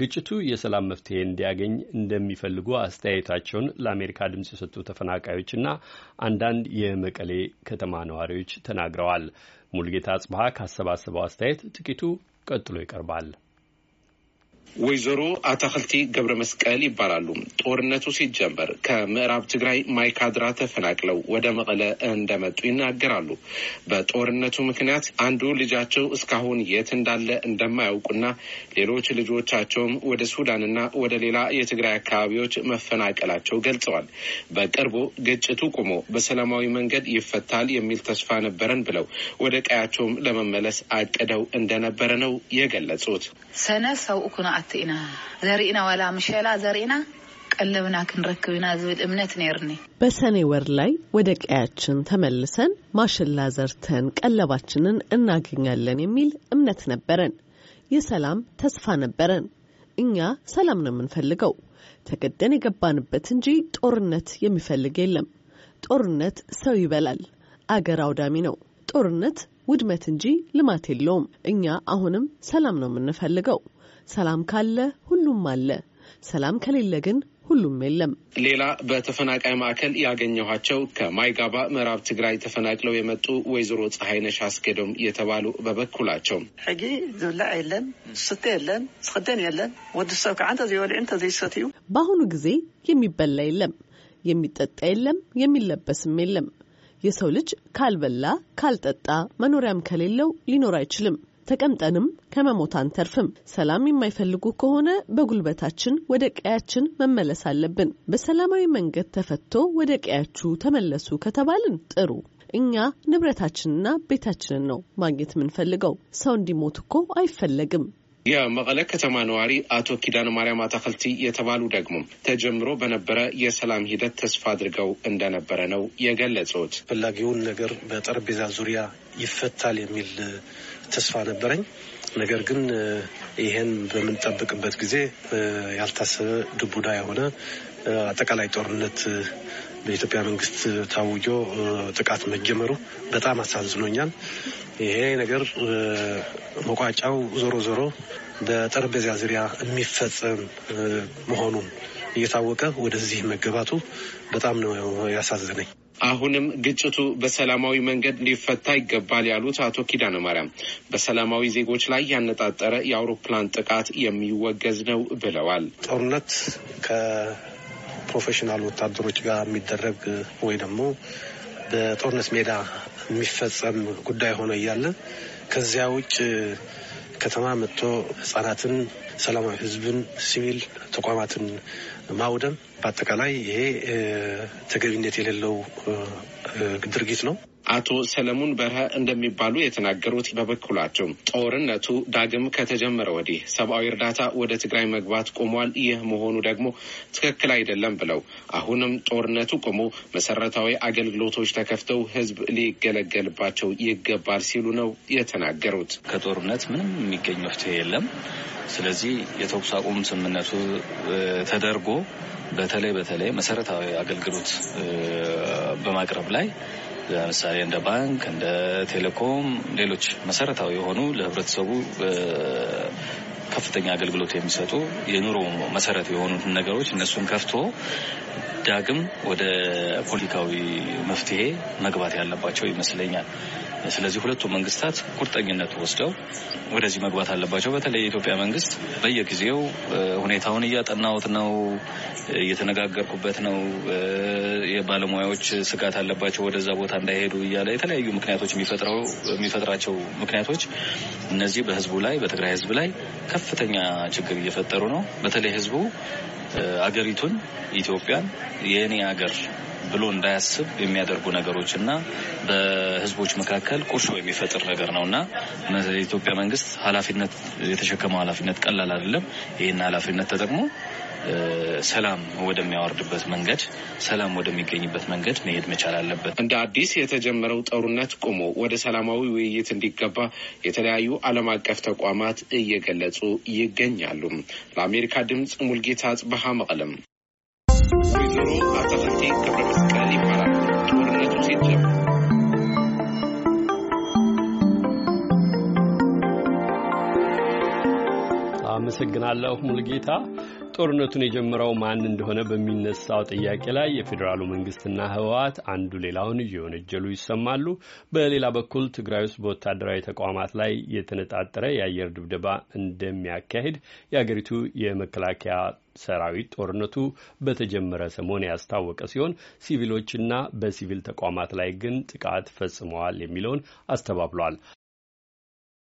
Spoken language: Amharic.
ግጭቱ የሰላም መፍትሄ እንዲያገኝ እንደሚፈልጉ አስተያየታቸውን ለአሜሪካ ድምፅ የሰጡ ተፈናቃዮችና አንዳንድ የመቀሌ ከተማ ነዋሪዎች ተናግረዋል። ሙልጌታ ጽብሃ ካሰባሰበው አስተያየት ጥቂቱ ቀጥሎ ይቀርባል። ወይዘሮ አታክልቲ ገብረ መስቀል ይባላሉ። ጦርነቱ ሲጀመር ከምዕራብ ትግራይ ማይካድራ ተፈናቅለው ወደ መቀለ እንደመጡ ይናገራሉ። በጦርነቱ ምክንያት አንዱ ልጃቸው እስካሁን የት እንዳለ እንደማያውቁና ሌሎች ልጆቻቸውም ወደ ሱዳንና ወደ ሌላ የትግራይ አካባቢዎች መፈናቀላቸው ገልጸዋል። በቅርቡ ግጭቱ ቆሞ በሰላማዊ መንገድ ይፈታል የሚል ተስፋ ነበረን ብለው ወደ ቀያቸውም ለመመለስ አቅደው እንደነበረ ነው የገለጹት። ሰነ ሰው ኢና ዘርእና ዋላ ምሸላ ዘርእና ቀለብና ክንረክብ ኢና ዝብል እምነት ነርኒ በሰኔ ወር ላይ ወደ ቀያችን ተመልሰን ማሸላ ዘርተን ቀለባችንን እናገኛለን የሚል እምነት ነበረን። የሰላም ተስፋ ነበረን። እኛ ሰላም ነው የምንፈልገው። ተገደን የገባንበት እንጂ ጦርነት የሚፈልግ የለም። ጦርነት ሰው ይበላል፣ አገር አውዳሚ ነው። ጦርነት ውድመት እንጂ ልማት የለውም። እኛ አሁንም ሰላም ነው የምንፈልገው። ሰላም ካለ ሁሉም አለ። ሰላም ከሌለ ግን ሁሉም የለም። ሌላ በተፈናቃይ ማዕከል ያገኘኋቸው ከማይጋባ ምዕራብ ትግራይ ተፈናቅለው የመጡ ወይዘሮ ፀሐይነሽ አስገዶም የተባሉ በበኩላቸው ሕጊ ዝብላዕ የለን፣ ዝስተ የለን፣ ስክደን የለን። ወዲ ሰብ ከዓ እንተዘይበልዕ እንተዘይሰት እዩ። በአሁኑ ጊዜ የሚበላ የለም፣ የሚጠጣ የለም፣ የሚለበስም የለም። የሰው ልጅ ካልበላ ካልጠጣ መኖሪያም ከሌለው ሊኖር አይችልም። ተቀምጠንም ከመሞት አንተርፍም። ሰላም የማይፈልጉ ከሆነ በጉልበታችን ወደ ቀያችን መመለስ አለብን። በሰላማዊ መንገድ ተፈቶ ወደ ቀያችሁ ተመለሱ ከተባልን ጥሩ። እኛ ንብረታችንና ቤታችንን ነው ማግኘት የምንፈልገው። ሰው እንዲሞት እኮ አይፈለግም። የመቀለ ከተማ ነዋሪ አቶ ኪዳነ ማርያም አታክልቲ የተባሉ ደግሞ ተጀምሮ በነበረ የሰላም ሂደት ተስፋ አድርገው እንደነበረ ነው የገለጹት። ፈላጊውን ነገር በጠረጴዛ ዙሪያ ይፈታል የሚል ተስፋ ነበረኝ። ነገር ግን ይህን በምንጠብቅበት ጊዜ ያልታሰበ ድቡዳ የሆነ አጠቃላይ ጦርነት በኢትዮጵያ መንግስት ታውጆ ጥቃት መጀመሩ በጣም አሳዝኖኛል። ይሄ ነገር መቋጫው ዞሮ ዞሮ በጠረጴዛ ዙሪያ የሚፈጸም መሆኑን እየታወቀ ወደዚህ መገባቱ በጣም ነው ያሳዝነኝ። አሁንም ግጭቱ በሰላማዊ መንገድ ሊፈታ ይገባል ያሉት አቶ ኪዳነ ማርያም በሰላማዊ ዜጎች ላይ ያነጣጠረ የአውሮፕላን ጥቃት የሚወገዝ ነው ብለዋል። ጦርነት ፕሮፌሽናል ወታደሮች ጋር የሚደረግ ወይ ደግሞ በጦርነት ሜዳ የሚፈጸም ጉዳይ ሆነ እያለ ከዚያ ውጭ ከተማ መጥቶ ህጻናትን፣ ሰላማዊ ህዝብን፣ ሲቪል ተቋማትን ማውደም በአጠቃላይ ይሄ ተገቢነት የሌለው ድርጊት ነው። አቶ ሰለሞን በረሀ እንደሚባሉ የተናገሩት በበኩላቸው ጦርነቱ ዳግም ከተጀመረ ወዲህ ሰብአዊ እርዳታ ወደ ትግራይ መግባት ቆሟል። ይህ መሆኑ ደግሞ ትክክል አይደለም ብለው አሁንም ጦርነቱ ቆሞ መሰረታዊ አገልግሎቶች ተከፍተው ህዝብ ሊገለገልባቸው ይገባል ሲሉ ነው የተናገሩት። ከጦርነት ምንም የሚገኝ መፍትሄ የለም። ስለዚህ የተኩስ አቁም ስምምነቱ ተደርጎ በተለይ በተለይ መሰረታዊ አገልግሎት በማቅረብ ላይ ለምሳሌ እንደ ባንክ፣ እንደ ቴሌኮም፣ ሌሎች መሰረታዊ የሆኑ ለህብረተሰቡ ከፍተኛ አገልግሎት የሚሰጡ የኑሮ መሰረት የሆኑትን ነገሮች እነሱን ከፍቶ ዳግም ወደ ፖለቲካዊ መፍትሄ መግባት ያለባቸው ይመስለኛል። ስለዚህ ሁለቱ መንግስታት ቁርጠኝነት ወስደው ወደዚህ መግባት አለባቸው። በተለይ የኢትዮጵያ መንግስት በየጊዜው ሁኔታውን እያጠናሁት ነው፣ እየተነጋገርኩበት ነው፣ የባለሙያዎች ስጋት አለባቸው ወደዛ ቦታ እንዳይሄዱ እያለ የተለያዩ ምክንያቶች የሚፈጥራቸው ምክንያቶች እነዚህ በህዝቡ ላይ በትግራይ ህዝብ ላይ ከፍተኛ ችግር እየፈጠሩ ነው። በተለይ ህዝቡ አገሪቱን ኢትዮጵያን የእኔ አገር ብሎ እንዳያስብ የሚያደርጉ ነገሮች እና በህዝቦች መካከል ቁርሾ የሚፈጥር ነገር ነው እና የኢትዮጵያ መንግስት ኃላፊነት የተሸከመው ኃላፊነት ቀላል አይደለም። ይህን ኃላፊነት ተጠቅሞ ሰላም ወደሚያወርድበት መንገድ፣ ሰላም ወደሚገኝበት መንገድ መሄድ መቻል አለበት። እንደ አዲስ የተጀመረው ጦርነት ቆሞ ወደ ሰላማዊ ውይይት እንዲገባ የተለያዩ ዓለም አቀፍ ተቋማት እየገለጹ ይገኛሉ። ለአሜሪካ ድምፅ ሙልጌታ አጽበሃ መቀለም። ወይዘሮ አሰፋቲ ገብረ መስቀል ይባላል። ጦርነቱ ሲጀምር አመሰግናለሁ ሙልጌታ። ጦርነቱን የጀመረው ማን እንደሆነ በሚነሳው ጥያቄ ላይ የፌዴራሉ መንግስትና ህወሓት አንዱ ሌላውን እየወነጀሉ ይሰማሉ። በሌላ በኩል ትግራይ ውስጥ በወታደራዊ ተቋማት ላይ የተነጣጠረ የአየር ድብደባ እንደሚያካሄድ የአገሪቱ የመከላከያ ሰራዊት ጦርነቱ በተጀመረ ሰሞን ያስታወቀ ሲሆን ሲቪሎችና በሲቪል ተቋማት ላይ ግን ጥቃት ፈጽመዋል የሚለውን አስተባብሏል።